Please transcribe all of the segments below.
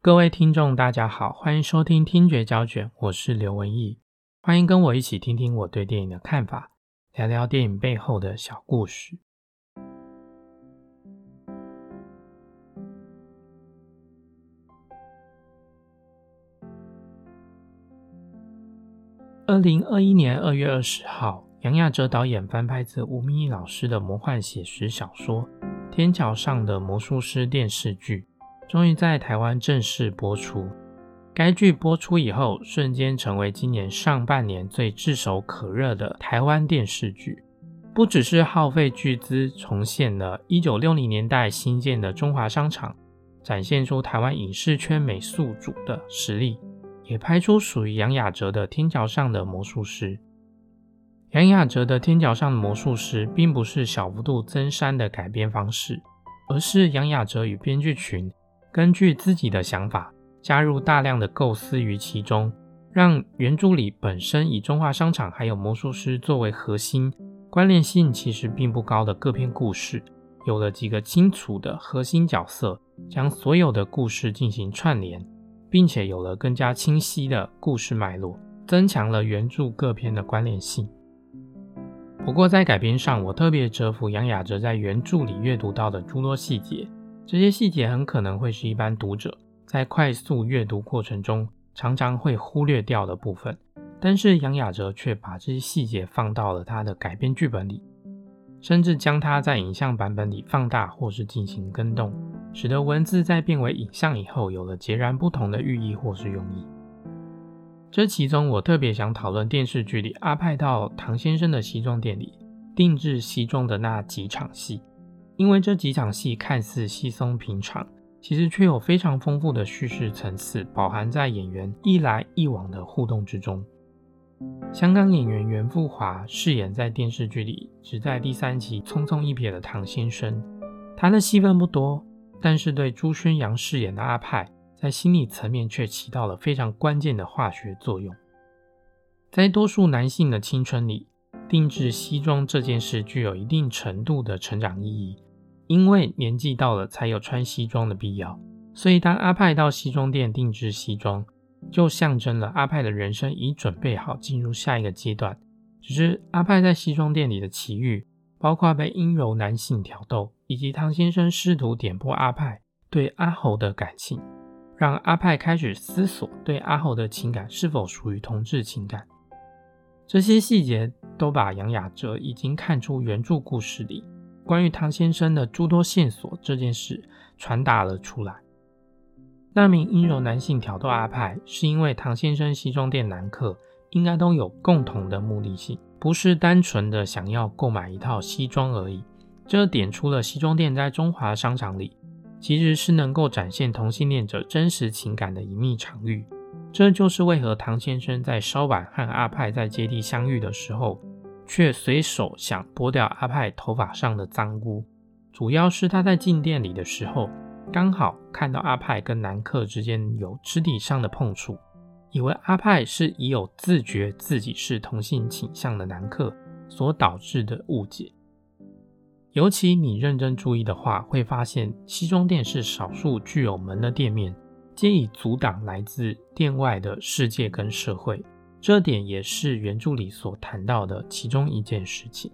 各位聽眾，大家好，歡迎收聽《聽覺膠卷》，我是劉文藝，歡迎跟我一起聽聽我對電影的看法，聊聊電影背後的小故事。二零二一年二月二十號，楊雅喆導演翻拍自吳明益老師的魔幻寫實小說《天橋上的魔術師》電視劇。終於在台灣正式播出。該劇播出以後，瞬間成為今年上半年最炙手可熱的台灣電視劇。不只是耗費巨資重現了1960年代新建的中華商場，展現出台灣影視圈美術組的實力，也拍出屬於楊雅喆的《天橋上的魔術師》。楊雅喆的《天橋上的魔術師》並不是小幅度增刪的改編方式，而是楊雅喆與編劇群。根據自己的想法，加入大量的構思於其中，讓原著裡本身以中華商場還有魔術師作為核心，關聯性其實並不高的各篇故事，有了幾個清楚的核心角色，將所有的故事進行串聯，並且有了更加清晰的故事脈絡，增強了原著各篇的關聯性。不過在改編上，我特別折服楊雅喆在原著裡閱讀到的諸多細節。這些細節很可能會是一般讀者在快速閱讀過程中常常會忽略掉的部分，但是楊雅喆卻把這些細節放到了他的改編劇本裡，甚至將它在影像版本裡放大或是進行更動，使得文字在變為影像以後有了截然不同的寓意或是用意。這其中，我特別想討論電視劇裡阿派到唐先生的西裝店裡定制西裝的那幾場戲。因為這幾場戲看似稀鬆平常，其實卻有非常豐富的敘事層次，飽含在演員一來一往的互動之中。香港演員袁富華飾演在電視劇裡只在第三集匆匆一瞥的唐先生，他的戲份不多，但是對朱軒洋飾演的阿派在心理層面卻起到了非常關鍵的化學作用。在多數男性的青春裡，定制西裝這件事具有一定程度的成長意義。因為年紀到了，才有穿西裝的必要，所以當阿派到西裝店定制西裝，就象徵了阿派的人生已準備好進入下一個階段。只是阿派在西裝店裡的奇遇，包括被陰柔男性挑逗，以及唐先生試圖點撥阿派對阿猴的感情，讓阿派開始思索對阿猴的情感是否屬於同志情感。這些細節都把楊雅喆已經看出原著故事裡。關於唐先生的諸多線索，這件事傳達了出來。那名陰柔男性挑逗阿派，是因為唐先生西裝店男客應該都有共同的目的性，不是單純的想要購買一套西裝而已。這點出了西裝店在中華商場裡，其實是能夠展現同性戀者真實情感的隱密場域。這就是為何唐先生在稍晚和阿派在街地相遇的時候。卻隨手想撥掉阿派頭髮上的髒污，主要是他在進店裡的時候，剛好看到阿派跟男客之間有肢體上的碰觸，以為阿派是已有自覺自己是同性傾向的男客所導致的誤解。尤其你認真注意的話，會發現西裝店是少數具有門的店面，皆以阻擋來自店外的世界跟社會。這點也是原著裡所談到的其中一件事情，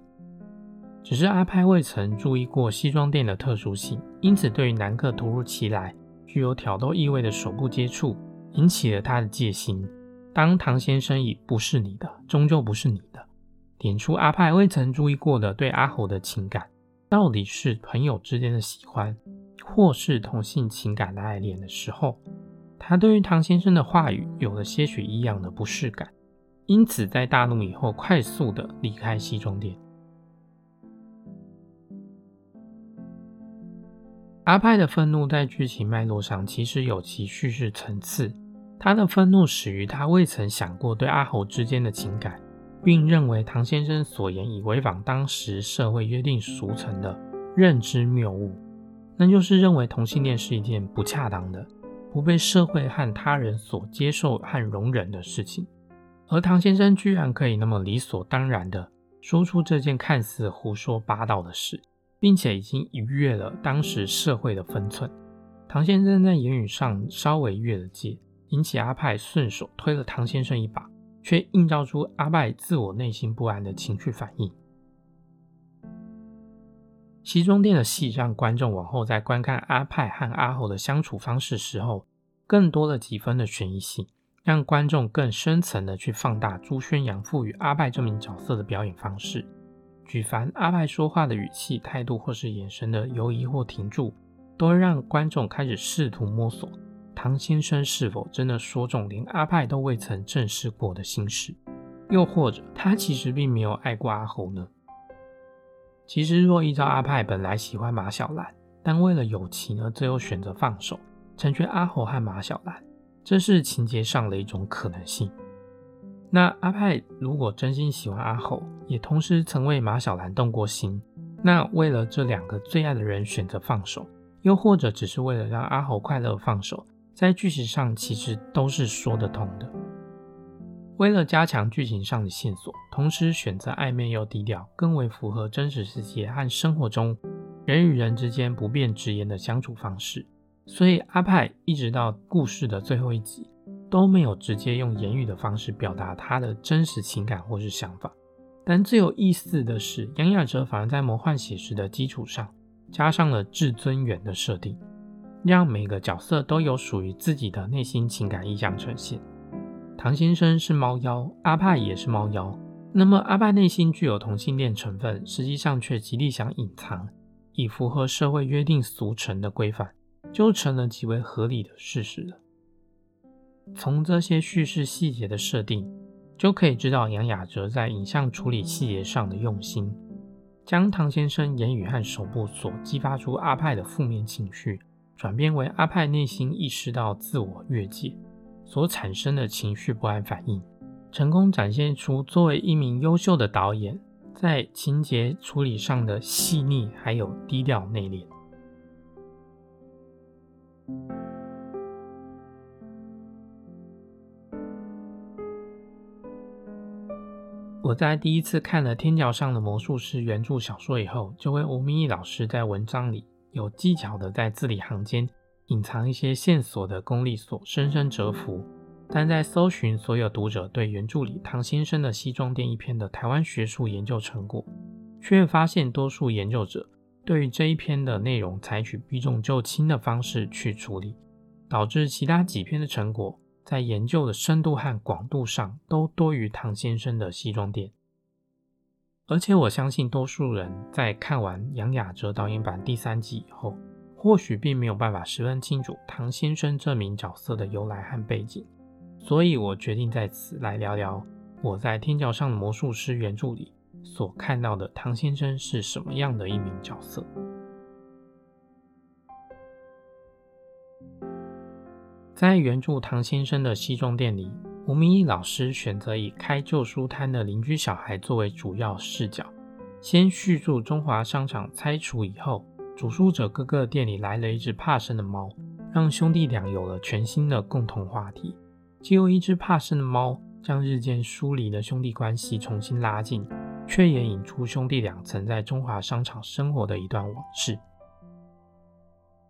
只是阿派未曾注意過西裝店的特殊性，因此對於男客突如其來、具有挑逗意味的手部接觸，引起了他的戒心。當唐先生已不是你的，終究不是你的，點出阿派未曾注意過的對阿猴的情感，到底是朋友之間的喜歡，或是同性情感的愛戀的時候。他對於唐先生的話語有了些許異樣的不適感，因此在大怒以後，快速的離開西裝店。阿派的憤怒在劇情脈絡上其實有其敘事層次，他的憤怒始於他未曾想過對阿猴之間的情感，並認為唐先生所言已違反當時社會約定俗成的認知謬誤，那就是認為同性戀是一件不恰當的。不被社會和他人所接受和容忍的事情，而唐先生居然可以那麼理所當然地說出這件看似胡說八道的事，並且已經逾越了當時社會的分寸。唐先生在言語上稍微越了界，引起阿派順手推了唐先生一把，卻映照出阿派自我內心不安的情緒反應。西裝店的戲讓觀眾往後在觀看阿派和阿猴的相處方式時候，更多了幾分的懸疑性，讓觀眾更深層的去放大朱軒洋賦予與阿派這名角色的表演方式。舉凡阿派說話的語氣、態度或是眼神的猶疑或停住，都讓觀眾開始試圖摸索唐先生是否真的說中連阿派都未曾正視過的心事，又或者他其實並沒有愛過阿猴呢？其實，若依照阿派本來喜歡馬小蘭，但為了友情呢，最後選擇放手，成全阿猴和馬小蘭，這是情節上的一種可能性。那阿派如果真心喜歡阿猴，也同時曾為馬小蘭動過心，那為了這兩個最愛的人選擇放手，又或者只是為了讓阿猴快樂放手，在劇情上其實都是說得通的。為了加強劇情上的線索，同時選擇曖昧又低調，更為符合真實世界和生活中人與人之間不便直言的相處方式，所以阿派一直到故事的最後一集都沒有直接用言語的方式表達他的真實情感或是想法。但最有意思的是，楊雅喆反而在魔幻寫實的基礎上加上了至尊元的設定，讓每個角色都有屬於自己的內心情感意象呈現。唐先生是貓妖，阿派也是貓妖。那麼阿派內心具有同性戀成分，實際上卻極力想隱藏，以符合社會約定俗成的規範，就成了極為合理的事實了。從這些敘事細節的設定，就可以知道楊雅喆在影像處理細節上的用心，將唐先生言語和手部所激發出阿派的負面情緒，轉變為阿派內心意識到自我越界。所產生的情緒不安反應，成功展現出作為一名優秀的導演在情節處理上的細膩，還有低調內斂。 我在第一次看了《天橋上的魔術師》原著小說以後，就為吳明益老師在文章裡有技巧地在字裡行間。隱藏一些線索的功力所深深折服，但在搜尋所有讀者對原著裡唐先生的西裝店一篇的台灣學術研究成果，卻發現多數研究者對於這一篇的內容採取避重就輕的方式去處理，導致其他幾篇的成果在研究的深度和廣度上都多於唐先生的西裝店。而且我相信，多數人在看完楊雅喆導演版第三季以後。或許並沒有辦法十分清楚唐先生這名角色的由來和背景，所以我決定在此來聊聊我在《天橋上的魔術師》原著裡所看到的唐先生是什麼樣的一名角色。在原著《唐先生的西裝店》裡，吳明益老師選擇以開舊書攤的鄰居小孩作為主要視角，先敘述中華商場拆除以後。主書者哥哥店裡來了一隻怕生的貓，讓兄弟倆有了全新的共同話題。藉由一隻怕生的貓，將日漸疏離的兄弟關係重新拉近，卻也引出兄弟倆曾在中華商場生活的一段往事。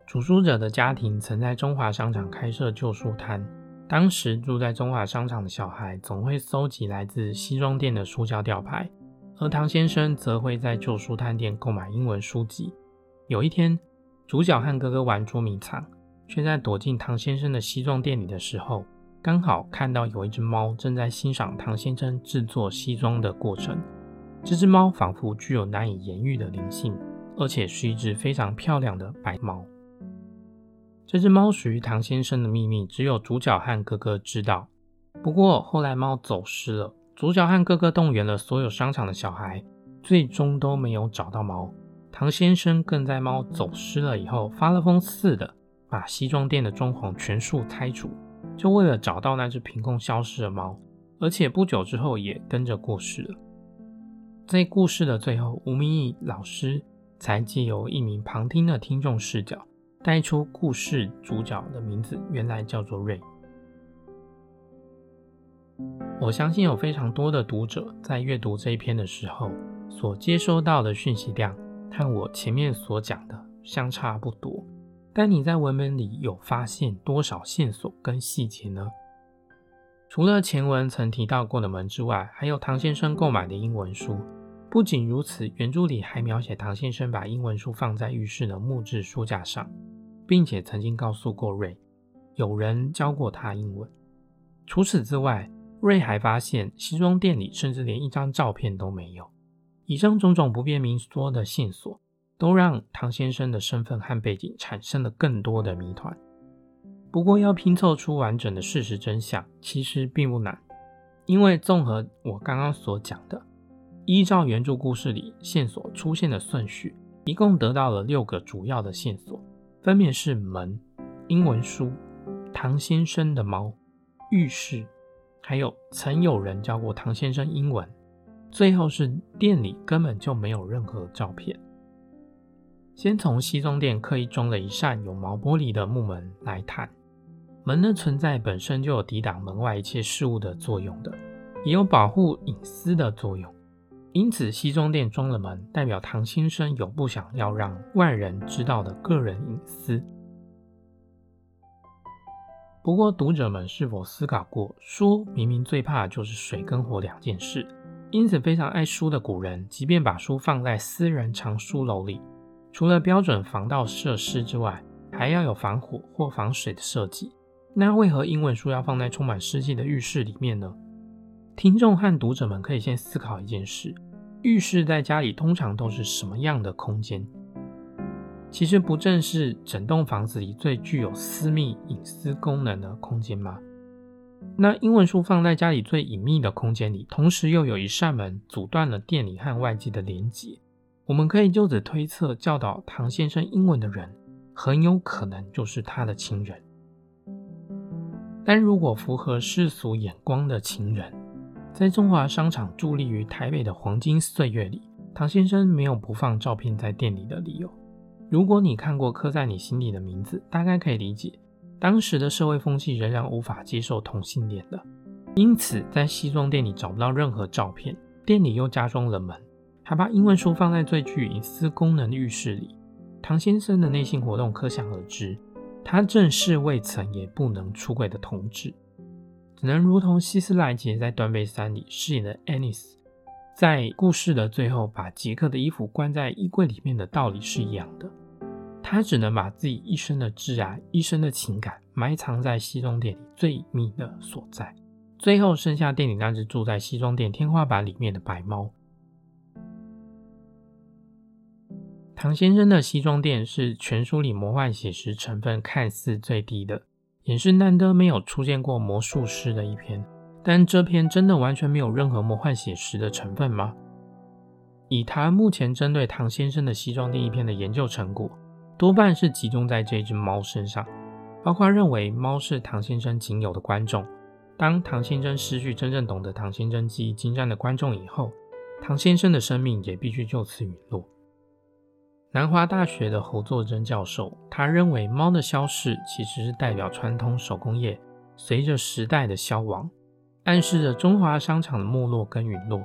主書者的家庭曾在中華商場開設舊書攤，當時住在中華商場的小孩總會蒐集來自西裝店的塑膠吊牌，而唐先生則會在舊書攤店購買英文書籍。有一天，主角和哥哥玩捉迷藏，卻在躲進唐先生的西裝店裡的時候，剛好看到有一隻貓正在欣賞唐先生製作西裝的過程。這隻貓仿佛具有難以言喻的靈性，而且是一隻非常漂亮的白貓。這隻貓屬於唐先生的秘密，只有主角和哥哥知道。不過後來貓走失了，主角和哥哥動員了所有商場的小孩，最終都沒有找到貓。唐先生更在貓走失了以後發了瘋似的把西裝店的裝潢全數拆除，就為了找到那隻憑空消失的貓。而且不久之後也跟着過世了。在故事的最後，吳明益老師才借由一名旁聽的聽眾視角，帶出故事主角的名字，原來叫做瑞。我相信有非常多的讀者在閱讀這一篇的時候所接收到的訊息量，看我前面所講的相差不多，但你在文本裡有發現多少線索跟細節呢？除了前文曾提到過的門之外，還有唐先生購買的英文書。不僅如此，原著裡還描寫唐先生把英文書放在浴室的木質書架上，並且曾經告訴過瑞，有人教過他英文。除此之外，瑞還發現西裝店裡甚至連一張照片都沒有。以上種種不便明說的線索，都讓唐先生的身份和背景產生了更多的謎團。不過，要拼湊出完整的事實真相，其實並不難，因為綜合我剛剛所講的，依照原著故事裡線索出現的順序，一共得到了六個主要的線索，分別是門、英文書、唐先生的貓、浴室，還有曾有人教過唐先生英文。最後是店裡根本就沒有任何照片。先從西裝店刻意裝了一扇有毛玻璃的木門來談，門的存在本身就有抵擋門外一切事物的作用的，也有保護隱私的作用。因此，西裝店裝了門，代表唐先生有不想要讓外人知道的個人隱私。不過，讀者們是否思考過，書明明最怕的就是水跟火兩件事？因此，非常愛書的古人，即便把書放在私人藏書樓裡，除了標準防盜設施之外，還要有防火或防水的設計。那為何英文書要放在充滿濕氣的浴室裡面呢？聽眾和讀者們可以先思考一件事：浴室在家裡通常都是什麼樣的空間？其實，不正是整棟房子裡最具有私密隱私功能的空間嗎？那英文書放在家裡最隱秘的空間裡，同時又有一扇門阻斷了店裡和外界的連接。我們可以就此推測，教導唐先生英文的人很有可能就是他的情人。但如果符合世俗眼光的情人，在中華商場佇立於台北的黃金歲月裡，唐先生沒有不放照片在店裡的理由。如果你看過刻在你心底的名字，大概可以理解。當時的社會風氣仍然無法接受同性戀的，因此在西裝店裡找不到任何照片。店裡又加裝了門，還把英文書放在最具隱私功能的浴室裡。唐先生的內心活動可想而知，他正是未曾也不能出櫃的同志，只能如同希斯萊傑在《斷背山》裡飾演的 Ennis 在故事的最後把傑克的衣服關在衣櫃裡面的道理是一樣的。他只能把自己一生的摯愛、一生的情感埋藏在西裝店裡最密的所在，最後剩下店裡那隻住在西裝店天花板裡面的白貓。唐先生的西裝店是全書裡魔幻寫實成分看似最低的，也是難得沒有出現過魔術師的一篇。但這篇真的完全沒有任何魔幻寫實的成分嗎？以他目前針對唐先生的西裝店一篇的研究成果，多半是集中在這隻貓身上，包括認為貓是唐先生僅有的觀眾。當唐先生失去真正懂得唐先生技藝精湛的觀眾以後，唐先生的生命也必須就此隕落。南華大學的侯作珍教授，他認為貓的消逝其實是代表傳統手工業，隨着時代的消亡，暗示着中華商場的沒落跟隕落。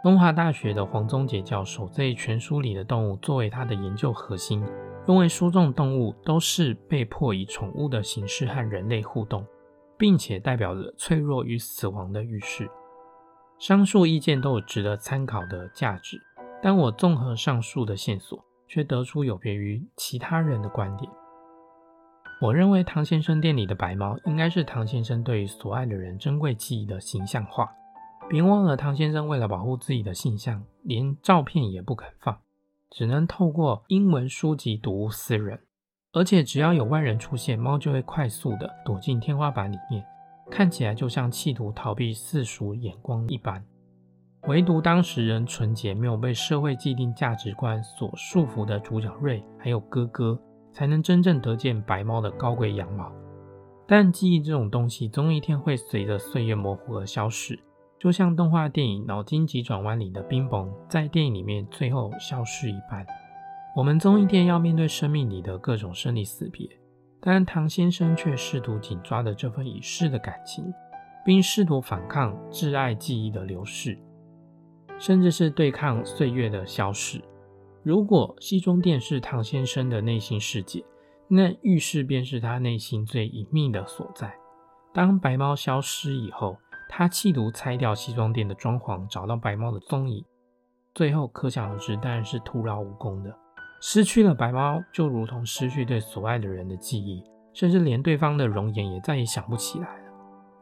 東華大學的黃宗潔教授，在全書裡的動物作為他的研究核心，認為書中動物都是被迫以寵物的形式和人類互動，並且代表着脆弱與死亡的預示。上述意見都有值得參考的價值，但我綜合上述的線索，卻得出有別於其他人的觀點。我認為唐先生店裡的白貓應該是唐先生對於所愛的人珍貴記憶的形象化。別忘了，唐先生為了保護自己的形象，連照片也不肯放，只能透過英文書籍睹物思人。而且只要有外人出現，貓就會快速的躲進天花板裡面，看起來就像企圖逃避世俗眼光一般。唯獨當時人純潔、沒有被社會既定價值觀所束縛的主角瑞，還有哥哥，才能真正得見白貓的高貴羊毛。但記憶這種東西，終有一天會隨着歲月模糊而消失。就像動畫電影《腦筋急轉彎》裡的冰崩，在電影裡面最後消失一般。我們終有一天要面對生命裡的各種生離死別，但唐先生卻試圖緊抓着這份已逝的感情，並試圖反抗摯愛記憶的流逝，甚至是對抗歲月的消逝。如果西裝店是唐先生的內心世界，那浴室便是他內心最隱秘的所在。當白貓消失以後。他企圖拆掉西裝店的裝潢，找到白貓的蹤影，最後可想而知，當然是徒勞無功的。失去了白貓，就如同失去對所愛的人的記憶，甚至連對方的容顏也再也想不起來了。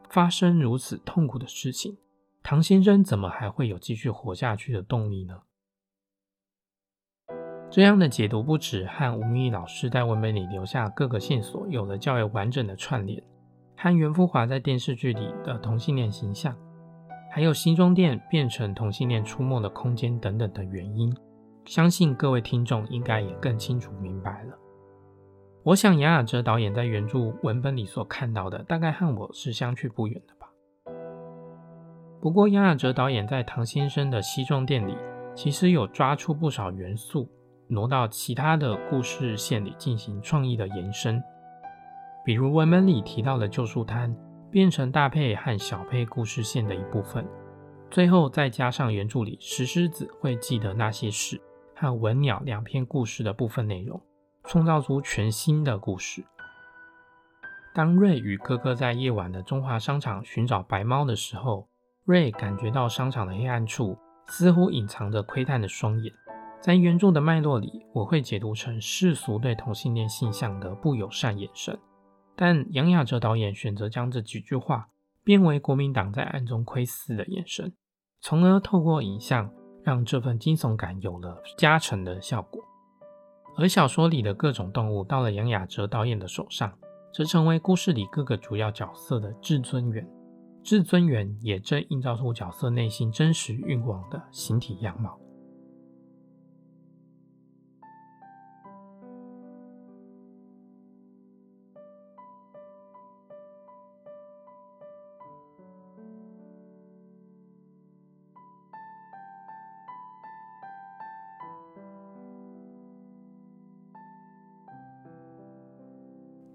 發生如此痛苦的事情，唐先生怎麼還會有繼續活下去的動力呢？這樣的解讀不止和吳明益老師在文本裡留下各個線索，有了較為完整的串聯。和袁富華在電視劇裡的同性戀形象，還有西裝店變成同性戀出沒的空間等等的原因，相信各位聽眾應該也更清楚明白了。我想楊雅喆導演在原著文本裡所看到的，大概和我是相去不遠的吧。不過楊雅喆導演在唐先生的西裝店裡，其實有抓出不少元素，挪到其他的故事線裡進行創意的延伸。比如文本裡提到的舊書攤，變成大佩和小佩故事線的一部分。最後再加上原著裡石獅子會記得那些事和文鳥兩篇故事的部分內容，創造出全新的故事。當瑞與哥哥在夜晚的中華商場尋找白貓的時候，瑞感覺到商場的黑暗處似乎隱藏着窺探的雙眼。在原著的脈絡裡，我會解讀成世俗對同性戀性向的不友善眼神。但楊雅哲導演選擇將這幾句話變為國民黨在暗中窺伺的眼神，從而透過影像讓這份驚悚感有了加成的效果。而小說裡的各種動物，到了楊雅哲導演的手上，則成為故事裡各個主要角色的至尊元，至尊元也正映照出角色內心真實慾望的形體樣貌。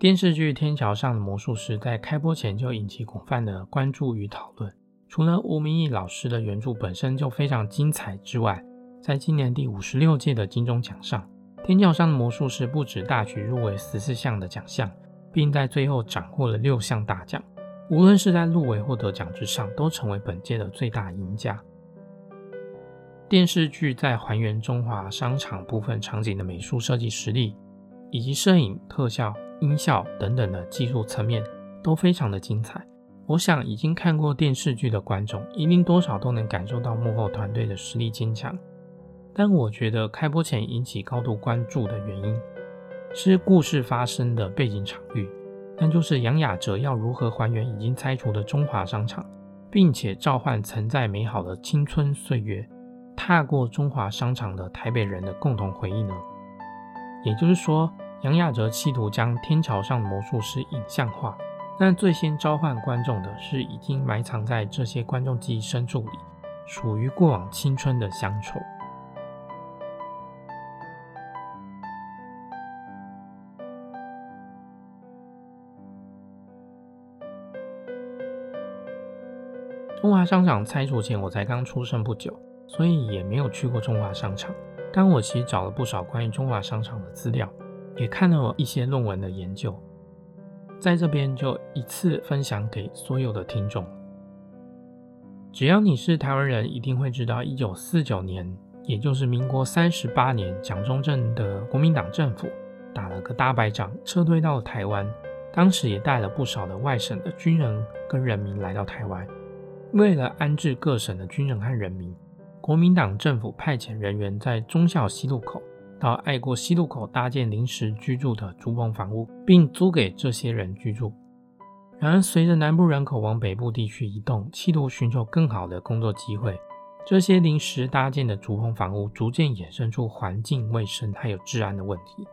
電視劇《天橋上的魔術師》在開播前就引起廣泛的關注與討論。除了吳明益老師的原著本身就非常精彩之外，在今年第五十六屆的金鐘獎上，《天橋上的魔術師》不止大舉入圍十四項的獎項，並在最後斬獲了六項大獎。無論是在入圍獲得獎之上，都成為本屆的最大贏家。電視劇在還原中華商場部分場景的美術設計實力，以及攝影特效，音效等等的技術層面都非常的精彩。我想已經看過電視劇的觀眾一定多少都能感受到幕後團隊的實力堅強。但我覺得開播前引起高度關注的原因是故事發生的背景場域，那就是楊雅哲要如何還原已經拆除的中華商場，並且召喚曾在美好的青春歲月踏過中華商場的台北人的共同回憶呢？也就是說。楊亞哲企圖將天橋上的魔術師影像化，但最先召喚觀眾的是已經埋藏在這些觀眾記憶深處裡，屬於過往青春的鄉愁。中華商場拆除前，我才剛出生不久，所以也沒有去過中華商場。但我其實找了不少關於中華商場的資料。也看了我一些論文的研究，在這邊就一次分享給所有的聽眾。只要你是台灣人，一定會知道，一九四九年，也就是民國三十八年，蔣中正的國民黨政府打了個大敗仗，撤退到了台灣。當時也帶了不少的外省的軍人跟人民來到台灣。為了安置各省的軍人和人民，國民黨政府派遣人員在忠孝西路口，到愛國西路口搭建臨時居住的竹棚房屋，並租給這些人居住。然而，隨着南部人口往北部地區移動，企圖尋求更好的工作機會，這些臨時搭建的竹棚房屋逐漸衍生出環境衛生還有治安的問題。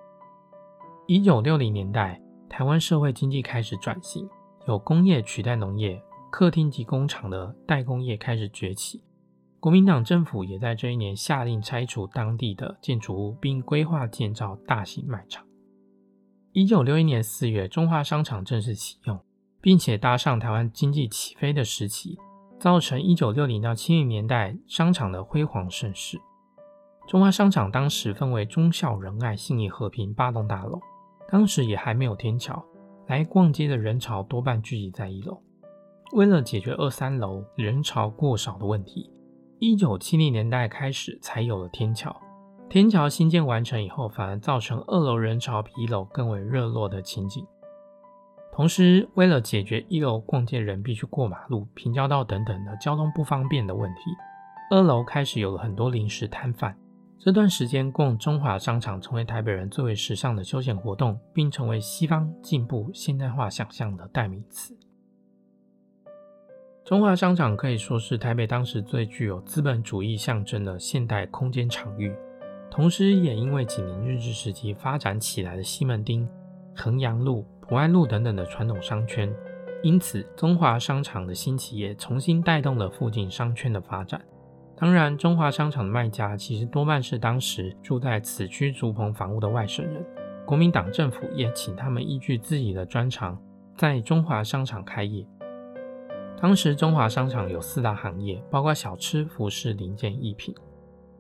一九六零年代，台灣社會經濟開始轉型，由工業取代農業，客廳及工廠的代工業開始崛起。國民黨政府也在這一年下令拆除當地的建築物，並規劃建造大型賣場。一九六一年四月，中華商場正式啟用，並且搭上台灣經濟起飛的時期，造成一九六零到七零年代商場的輝煌盛世。中華商場當時分為忠孝、仁愛、信義、和平八棟大樓，當時也還沒有天橋，來逛街的人潮多半聚集在一樓。為了解決二三樓人潮過少的問題，一九七零年代開始才有了天橋。天橋新建完成以後，反而造成二樓人潮比一樓更為熱絡的情景。同時，為了解決一樓逛街人必須過馬路、平交道等等的交通不方便的問題，二樓開始有了很多臨時攤販。這段時間，逛中華商場成為台北人最為時尚的休閒活動，並成為西方進步現代化想象的代名詞。中華商場可以說是台北當時最具有資本主義象徵的現代空間場域，同時也因為緊鄰日治時期發展起來的西門町、衡陽路、博愛路等等的傳統商圈，因此中華商場的新企業重新帶動了附近商圈的發展。當然，中華商場的賣家其實多半是當時住在此區竹棚房屋的外省人，國民黨政府也請他們依據自己的專長，在中華商場開業。當時中華商場有四大行業，包括小吃、服飾、零件、藝品。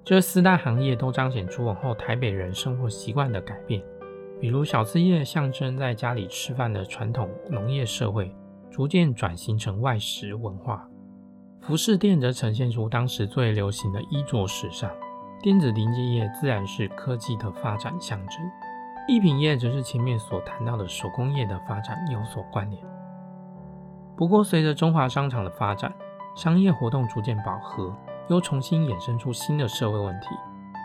這四大行業都彰顯出往後台北人生活習慣的改變。比如小吃業象徵在家裡吃飯的傳統農業社會，逐漸轉型成外食文化；服飾店則呈現出當時最流行的衣着時尚；電子零件業自然是科技的發展象徵；藝品業則是前面所談到的手工業的發展有所關聯。不過，隨着中華商場的發展，商業活動逐漸飽和，又重新衍生出新的社會問題，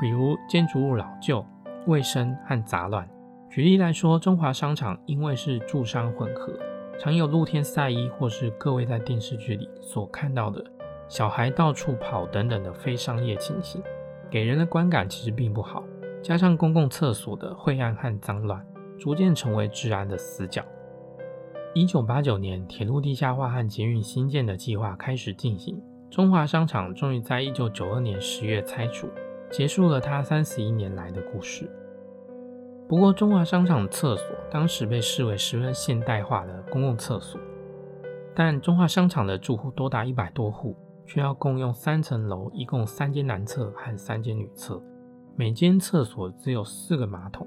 比如建築物老舊、衛生和雜亂。舉例來說，中華商場因為是住商混合，常有露天曬衣，或是各位在電視劇裡所看到的小孩到處跑等等的非商業情形，給人的觀感其實並不好，加上公共廁所的晦暗和髒亂，逐漸成為治安的死角。一九八九年，鐵路地下化和捷運新建的計劃開始進行。中華商場終於在一九九二年十月拆除，結束了它三十一年來的故事。不過，中華商場廁所當時被視為十分現代化的公共廁所，但中華商場的住戶多達一百多戶，卻要共用三層樓，一共三間男廁和三間女廁，每間廁所只有四個馬桶。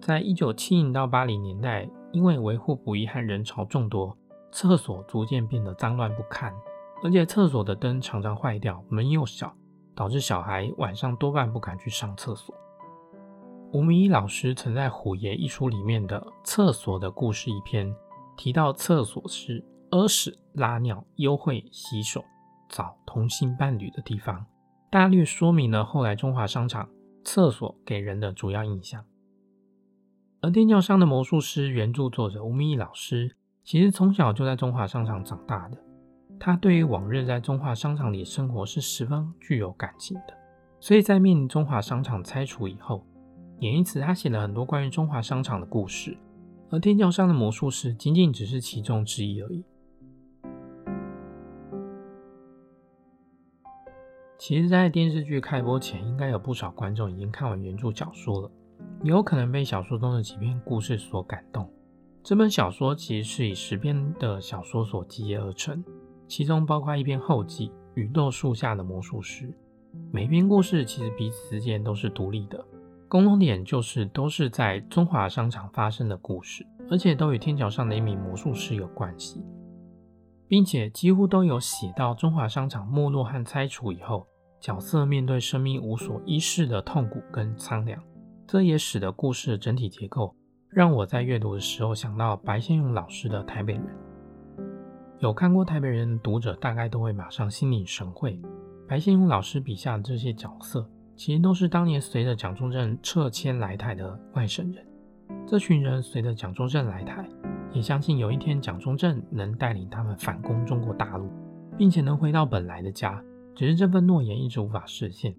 在一九七零到八零年代，因為維護不一和人潮眾多，廁所逐漸變得髒亂不堪，而且廁所的燈常常壞掉，門又小，導致小孩晚上多半不敢去上廁所。吳明一老師曾在《虎爺》一書裡面的《廁所的故事》一篇提到，廁所是屙屎、拉尿、幽會、洗手、找同性伴侶的地方，大略說明了後來中華商場廁所給人的主要印象。而《天橋上的魔術師》原著作者吳明益老師，其實從小就在中華商場長大的。他對於往日在中華商場裡生活是十分具有感情的，所以在面臨中華商場拆除以後，也因此他寫了很多關於中華商場的故事。而《天橋上的魔術師》僅僅只是其中之一而已。其實，在電視劇開播前，應該有不少觀眾已經看完原著講述了。也有可能被小說中的幾篇故事所感動。這本小說其實是以十篇的小說所集結而成，其中包括一篇後記《雨豆樹下的魔術師》。每一篇故事其實彼此之間都是獨立的，共同點就是都是在中華商場發生的故事，而且都與天橋上的一名魔術師有關係，並且幾乎都有寫到中華商場沒落和拆除以後，角色面對生命無所依恃的痛苦跟蒼涼。這也使得故事整體結構讓我在閱讀的時候想到白先勇老師的《臺北人》。有看過《臺北人》的讀者大概都會馬上心領神會，白先勇老師筆下的這些角色，其實都是當年隨着蔣中正撤遷來台的外省人。這群人隨着蔣中正來台，也相信有一天蔣中正能帶領他們反攻中國大陸，並且能回到本來的家，只是這份諾言一直無法實現。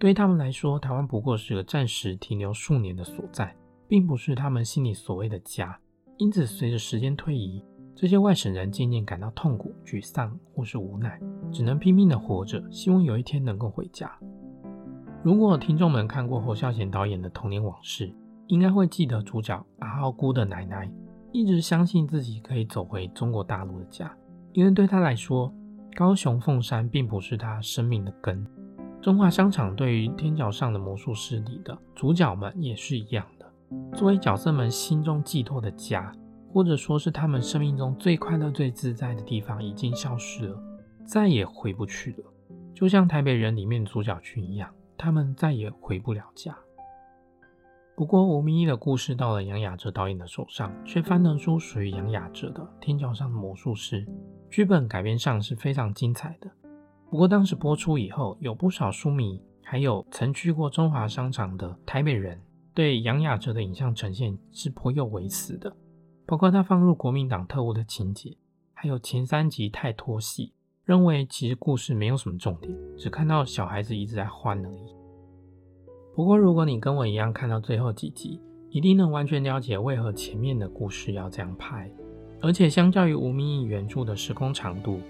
對於他們來說，台灣不過是個暫時停留數年的所在，並不是他們心裡所謂的家。因此，隨着時間推移，這些外省人漸漸感到痛苦、沮喪，或是無奈，只能拼命地活着，希望有一天能夠回家。如果聽眾們看過侯孝賢導演的《童年往事》，應該會記得主角阿浩姑的奶奶，一直相信自己可以走回中國大陸的家，因為對她來說，高雄鳳山並不是她生命的根。中華商場對於天橋上的魔術師裡的主角們也是一樣的。作為角色們心中寄托的家，或者說，是他們生命中最快樂、最自在的地方，已經消失了，再也回不去了。就像台北人裡面的主角群一樣，他們再也回不了家。不過，吳明益的故事到了楊雅哲導演的手上，卻翻騰出屬於楊雅哲的天橋上的魔術師，劇本改編上是非常精彩的。不過當時播出以後，有不少書迷，還有曾去過中華商場的台北人，對楊雅喆的影像呈現是頗有微詞的。包括他放入國民黨特務的情節，還有前三集太拖戲，認為其實故事沒有什麼重點，只看到小孩子一直在換而已。不過如果你跟我一樣看到最後幾集，一定能完全了解為何前面的故事要這樣拍，而且相較於吳明益原著的時空長度。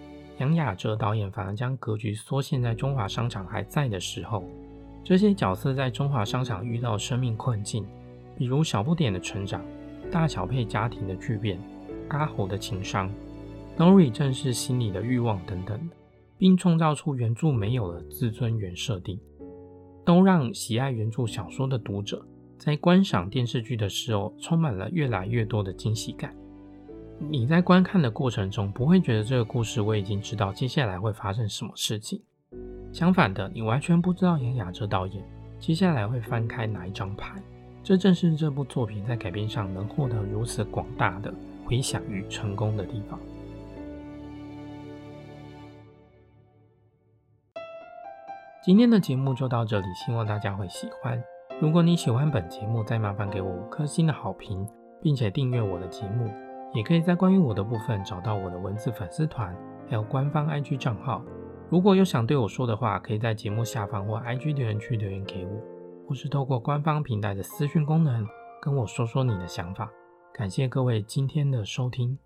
蔣雅喆導演反而將格局縮限在中華商場還在的時候，這些角色在中華商場遇到生命困境，比如小不點的成長、大小配家庭的巨變、阿猴的情傷、Nori 正視心理的慾望等等，並創造出原著沒有的自尊原設定，都讓喜愛原著小說的讀者在觀賞電視劇的時候，充滿了越來越多的驚喜感。你在觀看的過程中，不會覺得這個故事我已經知道接下來會發生什麼事情。相反的，你完全不知道楊雅喆導演接下來會翻開哪一張牌。這正是這部作品在改編上能獲得如此廣大的回響與成功的地方。今天的節目就到這裡，希望大家會喜歡。如果你喜歡本節目，再麻煩給我五顆星的好評，並且訂閱我的節目。也可以在關於我的部分找到我的文字粉絲團，還有官方 IG 賬號。如果有想對我說的話，可以在節目下方或 IG 留言區留言給我，或是透過官方平台的私訊功能跟我說說你的想法。感謝各位今天的收聽。